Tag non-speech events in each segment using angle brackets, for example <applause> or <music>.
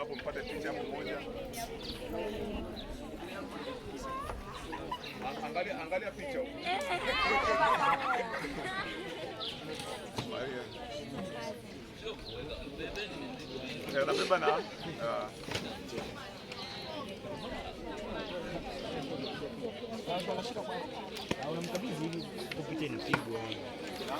hapo mpate picha hapo moja. Angalia, angalia picha huko. Eh, na unamkabidhi kupiteni pigo eh.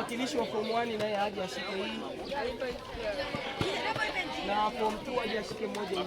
mwakilishi wa form 1 naye aje ashike hii na form 2 aje ashike moja hii.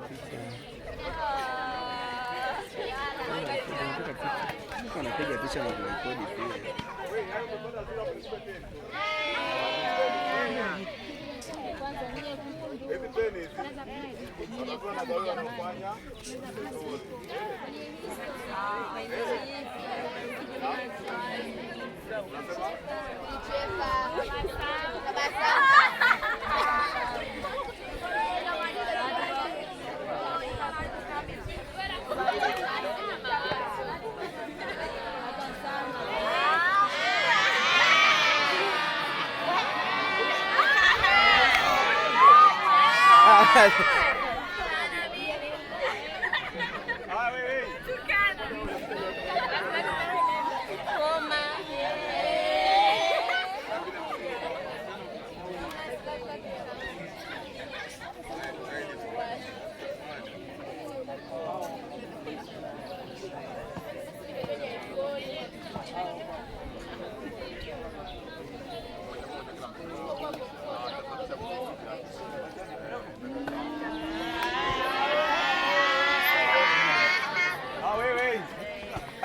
picha. Anapiga picha na kurekodi pia. Não, ah,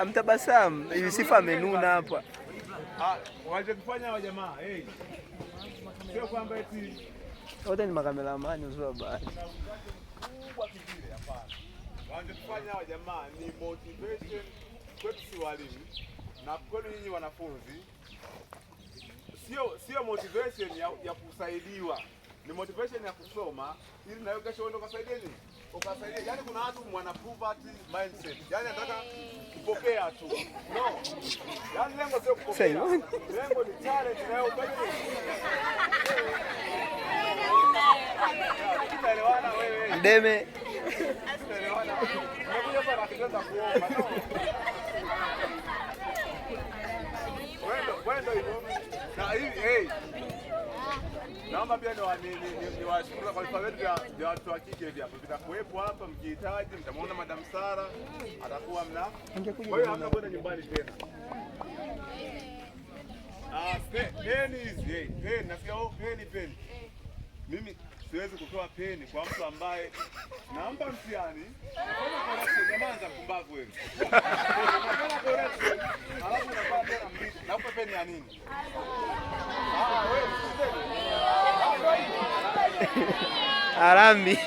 amtabasamu. sifa amenuna hapa. Wanachokifanya jamaa sio kwamba eti wote ni makameramani uzuri wa bahari. wa jamaa ni motivation kwetu, si walimu na kwenu nyinyi wanafunzi, sio motivation ya kusaidiwa ni motivation ya kusoma ili nawe kesho uende ukasaidie nini, ukasaidie. Yani kuna watu mwana poverty mindset, yani nataka kupokea tu no, yani lengo sio kupokea, lengo ni challenge Tunaelewana wewe mdeme, tunaelewana hapa na kitendo kuomba no wendo wendo na hivi Naomba pia niwashukuru kwa vifaa vyetu vya watoto wa kike hivi hapo vitakuwepo hapa, mkihitaji mtamwona Madam Sara atakuwa mna. Kwa hiyo hamna kwenda nyumbani tena. Ah, eh, nasikia oh, peni peni, mimi siwezi kutoa peni kwa mtu ambaye nampa mtihani jamaa za wewe. Alafu unapata peni ya nini? Ah, <laughs> Harambi.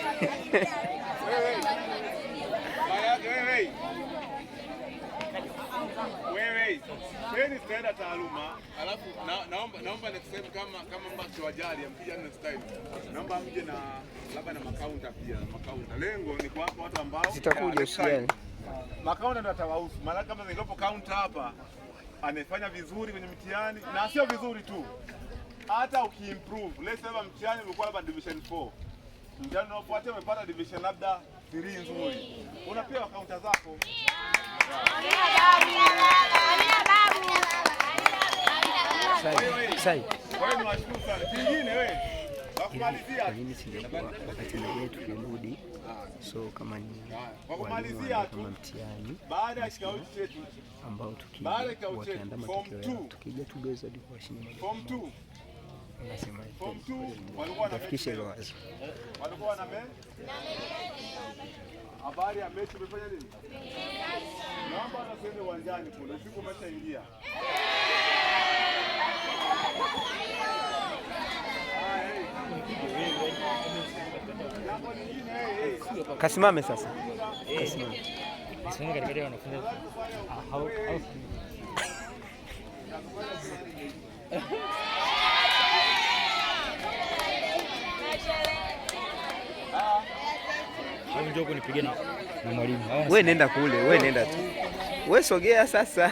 Wewe stahili taaluma, alafu naomba naomba nikuseme kama kama mbacho wajali amkija na style. Naomba mje na labda na makaunta pia, makaunta. Lengo ni kwa watu ambao zitakuja usiani. Makaunta ndio atawahusu. Maana kama nilipo kaunta hapa amefanya vizuri kwenye mtihani na sio vizuri tu hata ukiimprove, let's say mtihani ulikuwa labda division 4, mtihani unaofuatia umepata division labda 3 nzuri, unapewa kaunta zako. Kwa hiyo sana. kwa wakati so kama ni kama mtihani ambao tukiandaa matokeo tukija tugeza kuwashinda Nafikisha hilo Habari ya mechi umefanya nini? Naomba na uwanjani kule. Usiku umeshaingia. Kasimame sasa. Kasimame. njoo nipige na mwalimu. Wewe nenda kule, wewe nenda tu, wewe sogea sasa.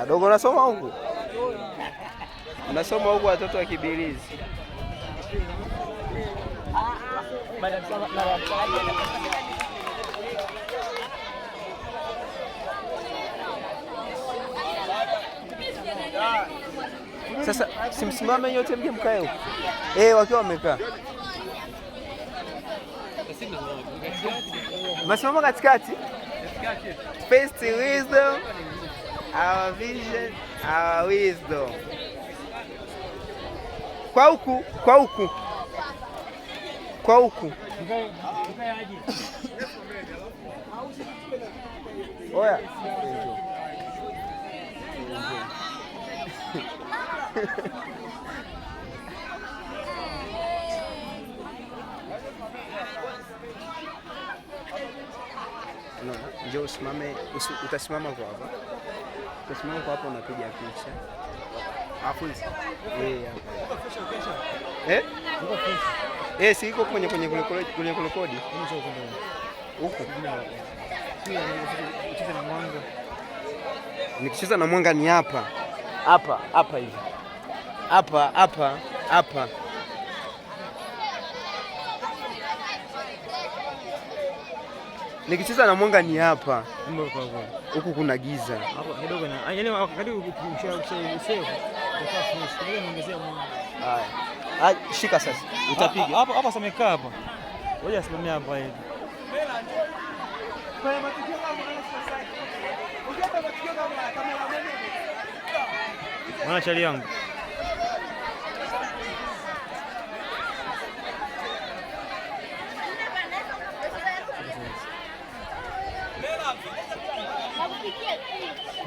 Adogo, unasoma huku, unasoma huku, watoto wa kibirizi ah, ah. Sasa simsimame nyote mje mkae huko. Eh, wakiwa wamekaa masimama katikati. First wisdom, our vision, our wisdom. Kwa huku, kwa huku. Kwa huku. Oya. No, njo usimame, utasimama kwa hapa, utasimama kwa hapa, unapiga picha hapo. Eh eh. eh, eh, si iko kwenye kwenye kwenye kule kodi huko. Nikicheza na mwanga ni hapa hapa hapa hivi hapa hapa hapa nikicheza na mwanga ni hapa, huku kuna giza haya. Shika sasa, utapiga hapa hapa, samekaa hapa, ngoja simamia hapa hivi mwana chali yangu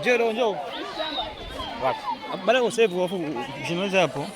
Njoo njoo. Baada ya usevu wafu, usimalize hapo.